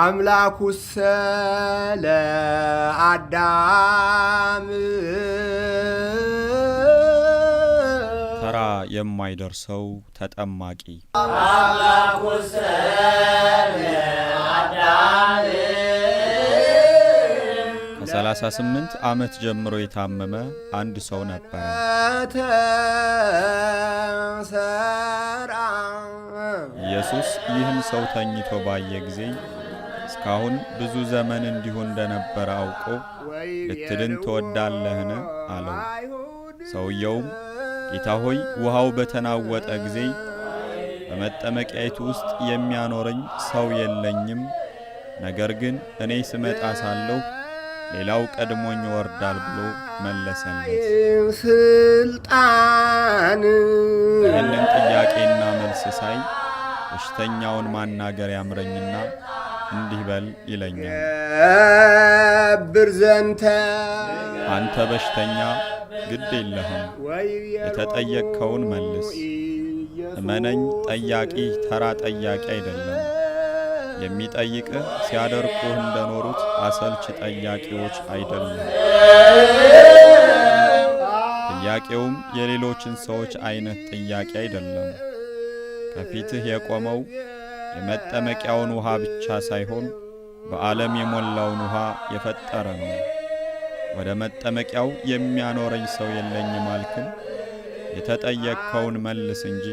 አምላኩ ሰለ አዳም ተራ የማይደርሰው ተጠማቂ አምላኩ ሰለ አዳም ከ38 ዓመት ጀምሮ የታመመ አንድ ሰው ነበረ። ኢየሱስ ይህን ሰው ተኝቶ ባየ ጊዜ እስካሁን ብዙ ዘመን እንዲሁ እንደነበረ አውቆ ልትድን ትወዳለህን? አለው። ሰውየውም ጌታ ሆይ ውሃው በተናወጠ ጊዜ በመጠመቂያይቱ ውስጥ የሚያኖረኝ ሰው የለኝም፣ ነገር ግን እኔ ስመጣ ሳለሁ ሌላው ቀድሞኝ ይወርዳል ብሎ መለሰለት። ስልጣን ይህንን ጥያቄና መልስ ሳይ በሽተኛውን ማናገር ያምረኝና እንዲህ በል ይለኛል። ብር ዘንተ አንተ በሽተኛ ግድ የለህም፣ የተጠየቅከውን መልስ። እመነኝ ጠያቂ ተራ ጠያቂ አይደለም። የሚጠይቅህ ሲያደርቁህ እንደኖሩት አሰልች ጠያቂዎች አይደለም። ጥያቄውም የሌሎችን ሰዎች አይነት ጥያቄ አይደለም። ከፊትህ የቆመው የመጠመቂያውን ውሃ ብቻ ሳይሆን በዓለም የሞላውን ውሃ የፈጠረ ነው። ወደ መጠመቂያው የሚያኖረኝ ሰው የለኝም አልክም? የተጠየቅከውን መልስ እንጂ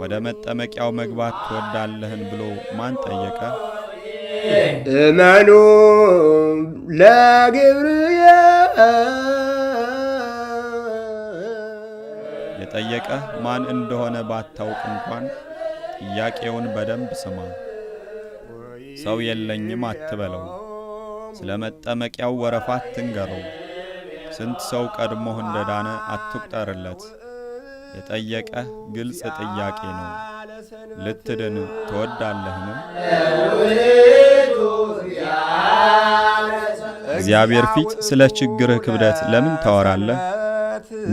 ወደ መጠመቂያው መግባት ትወዳለህን ብሎ ማን ጠየቀ? እመኑ ለገብርኤል የጠየቀህ ማን እንደሆነ ባታውቅ እንኳን ጥያቄውን በደንብ ስማ። ሰው የለኝም አትበለው። ስለ መጠመቂያው ወረፋ አትንገረው። ስንት ሰው ቀድሞህ እንደ ዳነ አትቁጠርለት። የጠየቀህ ግልጽ ጥያቄ ነው። ልትድን ትወዳለህን? እግዚአብሔር ፊት ስለ ችግርህ ክብደት ለምን ታወራለህ?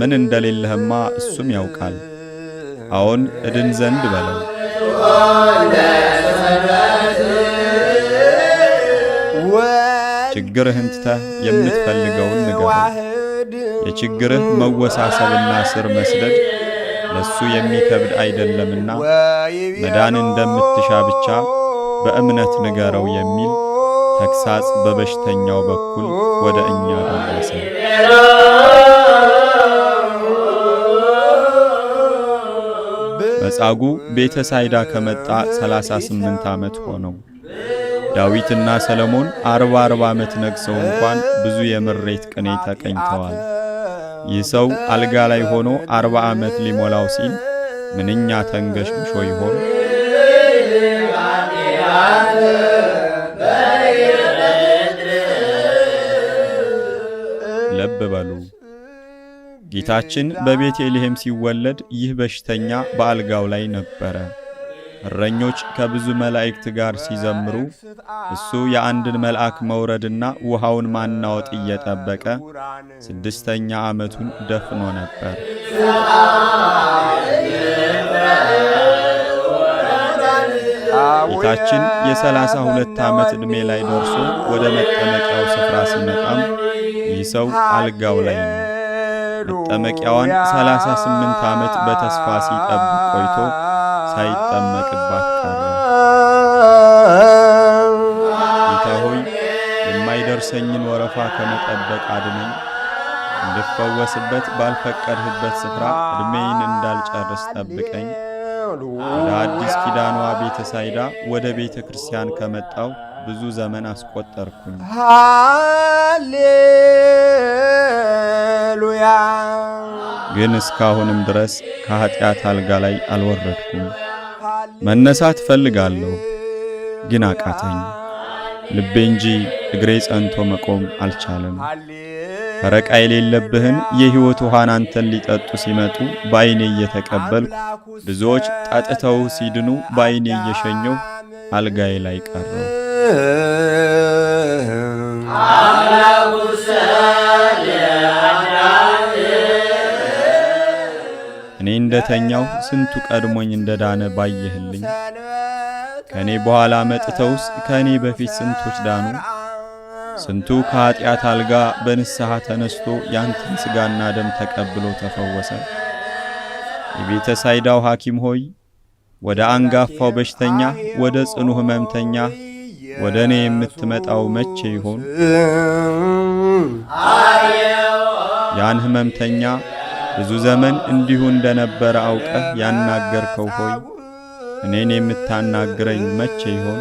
ምን እንደሌለህማ እሱም ያውቃል። አሁን እድን ዘንድ በለው። ችግርህን ትተህ የምትፈልገውን ንገረው። የችግርህ መወሳሰብና ስር መስደድ ለሱ የሚከብድ አይደለምና መዳን እንደምትሻ ብቻ በእምነት ንገረው የሚል ተግሳጽ በበሽተኛው በኩል ወደ እኛ ደረሰ። በጻጉ ቤተ ሳይዳ ከመጣ 38 ዓመት ሆነው። ዳዊትና ሰለሞን አርባ አርባ ዓመት ነግሰው እንኳን ብዙ የምሬት ቅኔ ተቀኝተዋል። ይህ ሰው አልጋ ላይ ሆኖ አርባ ዓመት ሊሞላው ሲል ምንኛ ተንገሽግሾ ይሆን? ለብ በሉ። ጌታችን በቤተልሔም ሲወለድ ይህ በሽተኛ በአልጋው ላይ ነበረ። እረኞች ከብዙ መላእክት ጋር ሲዘምሩ እሱ የአንድን መልአክ መውረድና ውሃውን ማናወጥ እየጠበቀ ስድስተኛ ዓመቱን ደፍኖ ነበር። ጌታችን የሰላሳ ሁለት ዓመት ዕድሜ ላይ ደርሶ ወደ መጠመቂያው ስፍራ ሲመጣም ይህ ሰው አልጋው ላይ ነው። መጠመቂያዋን 38 ዓመት በተስፋ ሲጠብቅ ቆይቶ ሳይጠመቅባት ቀረ። ጌታ ሆይ የማይደርሰኝን ወረፋ ከመጠበቅ አድነኝ። እንድፈወስበት ባልፈቀድህበት ስፍራ ዕድሜዬን እንዳልጨርስ ጠብቀኝ። ወደ አዲስ ኪዳኗ ቤተ ሳይዳ ወደ ቤተ ክርስቲያን ከመጣው ብዙ ዘመን አስቆጠርኩኝ። ግን እስካሁንም ድረስ ከኀጢአት አልጋ ላይ አልወረድኩም። መነሳት ፈልጋለሁ ግን አቃተኝ። ልቤ እንጂ እግሬ ጸንቶ መቆም አልቻለም። ፈረቃ የሌለብህን የሕይወት ውሃን አንተን ሊጠጡ ሲመጡ በዐይኔ እየተቀበልኩ ብዙዎች ጠጥተው ሲድኑ በዐይኔ እየሸኘሁ አልጋዬ ላይ ቀረው። እንደተኛው ስንቱ ቀድሞኝ እንደዳነ ባየህልኝ። ከእኔ በኋላ መጥተውስ ከእኔ በፊት ስንቶች ዳኑ። ስንቱ ከኀጢአት አልጋ በንስሐ ተነስቶ ያንተን ሥጋና ደም ተቀብሎ ተፈወሰ። የቤተ ሳይዳው ሐኪም ሆይ ወደ አንጋፋው በሽተኛ ወደ ጽኑ ሕመምተኛ ወደ እኔ የምትመጣው መቼ ይሆን? ያን ሕመምተኛ ብዙ ዘመን እንዲሁ እንደ ነበረ አውቀህ ያናገርከው ሆይ እኔን የምታናግረኝ መቼ ይሆን?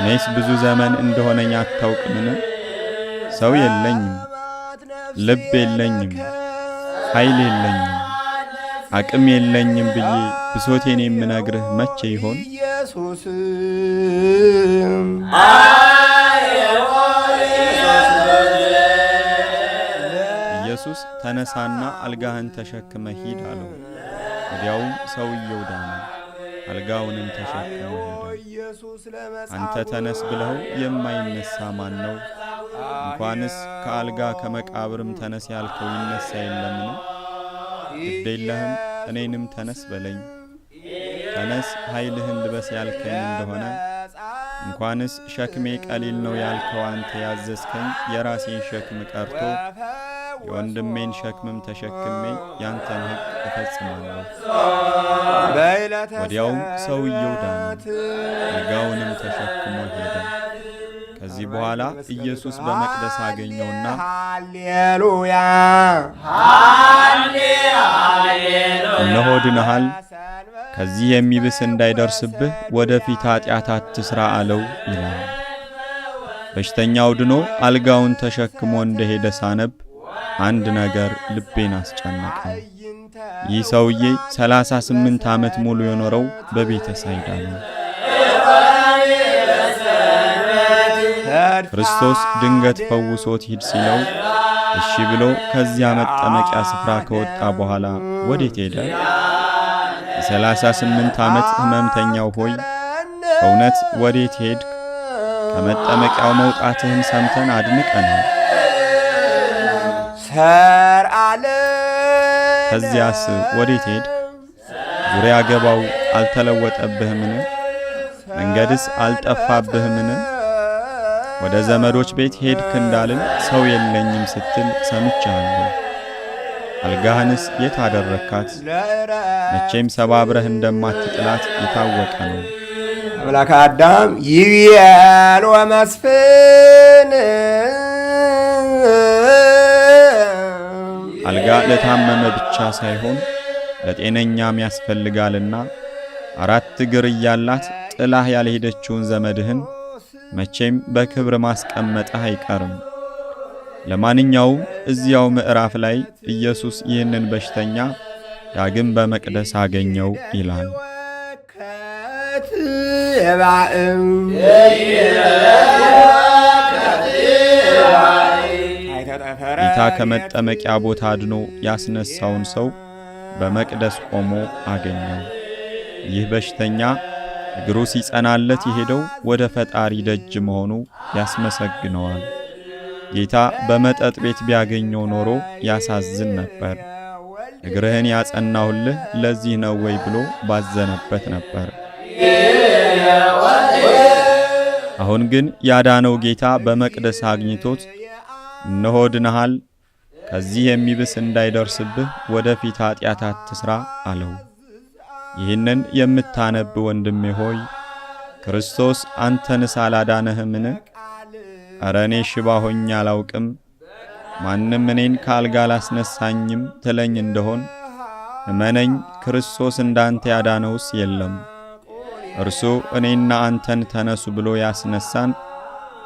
እኔስ ብዙ ዘመን እንደሆነኝ አታውቅምን? ሰው የለኝም፣ ልብ የለኝም፣ ኃይል የለኝም፣ አቅም የለኝም ብዬ ብሶቴን የምነግርህ መቼ ይሆን? ተነሳና አልጋህን ተሸክመ ሂድ አለው። ወዲያውም ሰውየው ዳነ፣ አልጋውንም ተሸክመ ሄደ። አንተ ተነስ ብለው የማይነሳ ማን ነው? እንኳንስ ከአልጋ ከመቃብርም ተነስ ያልከው ይነሳ የለምን? ግዴለህም፣ የለህም እኔንም ተነስ በለኝ። ተነስ ኃይልህን ልበስ ያልከኝ እንደሆነ እንኳንስ ሸክሜ ቀሊል ነው ያልከው አንተ ያዘዝከኝ የራሴን ሸክም ቀርቶ የወንድሜን ሸክምም ተሸክሜ ያንተን ሕግ እፈጽማለሁ። ወዲያውም ሰውየው ዳነ፣ አልጋውንም ተሸክሞ ሄደ። ከዚህ በኋላ ኢየሱስ በመቅደስ አገኘውና ሃሌሉያ እነሆ ድነሃል፣ ከዚህ የሚብስ እንዳይደርስብህ ወደፊት ኃጢአት አትሥራ አለው ይላል። በሽተኛው ድኖ አልጋውን ተሸክሞ እንደሄደ ሳነብ አንድ ነገር ልቤን አስጨነቀ። ይህ ሰውዬ ሰላሳ ዓመት ሙሉ የኖረው በቤተ ሳይዳ ነው። ክርስቶስ ድንገት ፈውሶት ሂድ ሲለው እሺ ብሎ ከዚያ መጠመቂያ ስፍራ ከወጣ በኋላ ወዴት ሄደ? የ38 ዓመት ሕመምተኛው ሆይ በእውነት ወዴት ሄድክ? ከመጠመቂያው መውጣትህን ሰምተን አድንቀናል። ፈርአለ ከዚያስ ወዴት ሄድ? ዙሪያ ገባው አልተለወጠብህምን? መንገድስ አልጠፋብህምን? ወደ ዘመዶች ቤት ሄድክ እንዳልን ሰው የለኝም ስትል ሰምቻለሁ። አልጋህንስ የት አደረካት? መቼም ሰባብረህ እንደማትጥላት የታወቀ ነው። አምላከ አዳም ይብየል ወመስፍን አልጋ ለታመመ ብቻ ሳይሆን ለጤነኛም ያስፈልጋልና አራት እግር እያላት ጥላህ ያልሄደችውን ዘመድህን መቼም በክብር ማስቀመጥህ አይቀርም። ለማንኛውም እዚያው ምዕራፍ ላይ ኢየሱስ ይህንን በሽተኛ ዳግም በመቅደስ አገኘው ይላል። ጌታ ከመጠመቂያ ቦታ አድኖ ያስነሳውን ሰው በመቅደስ ቆሞ አገኘው። ይህ በሽተኛ እግሩ ሲጸናለት የሄደው ወደ ፈጣሪ ደጅ መሆኑ ያስመሰግነዋል። ጌታ በመጠጥ ቤት ቢያገኘው ኖሮ ያሳዝን ነበር። እግርህን ያጸናሁልህ ለዚህ ነው ወይ ብሎ ባዘነበት ነበር። አሁን ግን ያዳነው ጌታ በመቅደስ አግኝቶት እነሆ ድነሃል፣ ከዚህ የሚብስ እንዳይደርስብህ ወደ ፊት ኀጢአት አትሥራ አለው። ይህንን የምታነብ ወንድሜ ሆይ ክርስቶስ አንተንስ አላዳነህምን? እረ እኔ ሽባ ሆኜ አላውቅም፣ ማንም እኔን ከአልጋ አላስነሳኝም ትለኝ እንደሆን እመነኝ፣ ክርስቶስ እንዳንተ ያዳነውስ የለም። እርሱ እኔና አንተን ተነሱ ብሎ ያስነሳን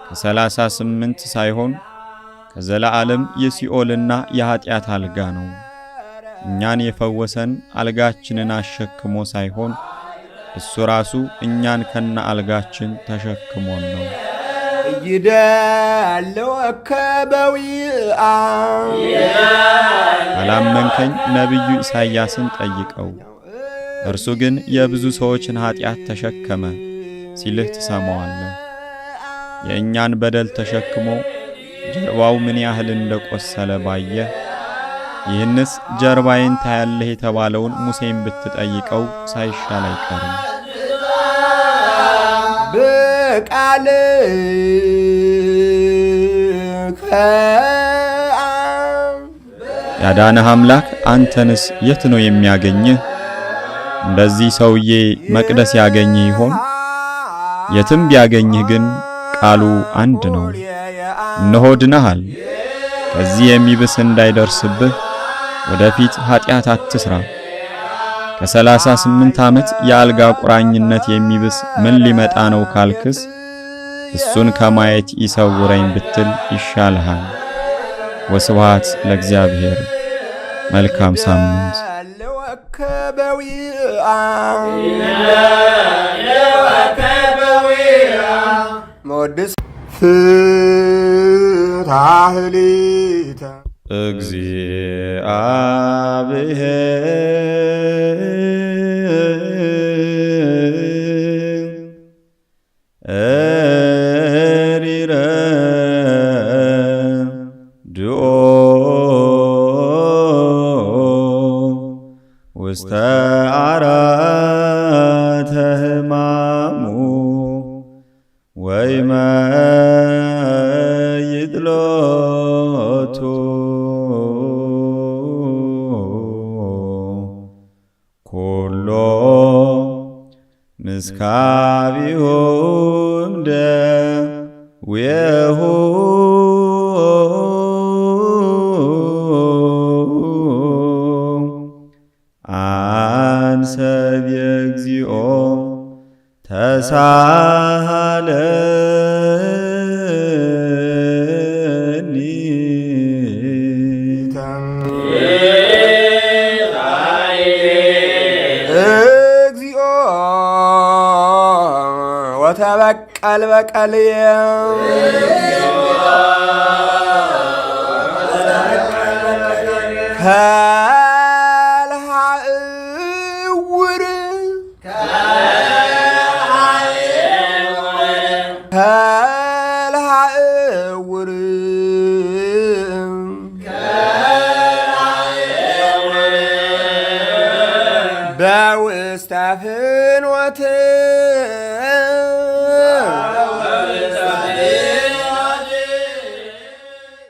ከሰላሳ ስምንት ሳይሆን ከዘላዓለም የሲኦልና የኀጢአት አልጋ ነው። እኛን የፈወሰን አልጋችንን አሸክሞ ሳይሆን እሱ ራሱ እኛን ከነ አልጋችን ተሸክሞን ነው። አላመንከኝ? ነቢዩ ኢሳይያስን ጠይቀው። እርሱ ግን የብዙ ሰዎችን ኀጢአት ተሸከመ ሲልህ ትሰማዋለህ። የእኛን በደል ተሸክሞ ጀርባው ምን ያህል እንደቆሰለ ባየ፣ ይህንስ ጀርባዬን ታያለህ የተባለውን ሙሴን ብትጠይቀው ሳይሻል አይቀርም። በቃል ያዳነህ አምላክ አንተንስ የት ነው የሚያገኝህ? እንደዚህ ሰውዬ መቅደስ ያገኝህ ይሆን? የትም ቢያገኝህ ግን ቃሉ አንድ ነው። እነሆ ድነሃል፣ ከዚህ የሚብስ እንዳይደርስብህ ወደፊት ኀጢአት አትስራ። ከሰላሳ ስምንት ዓመት የአልጋ ቁራኝነት የሚብስ ምን ሊመጣ ነው ካልክስ እሱን ከማየት ይሰውረኝ ብትል ይሻልሃል። ወስዋት ለእግዚአብሔር። መልካም ሳምንት። كبوي መወድስ ፍታህሊተ እግዚአብሔር ኩሎ ምስካቢሁም ደዌሁ አንሰ የግዚኦ ተሳ ቃል በቃልየ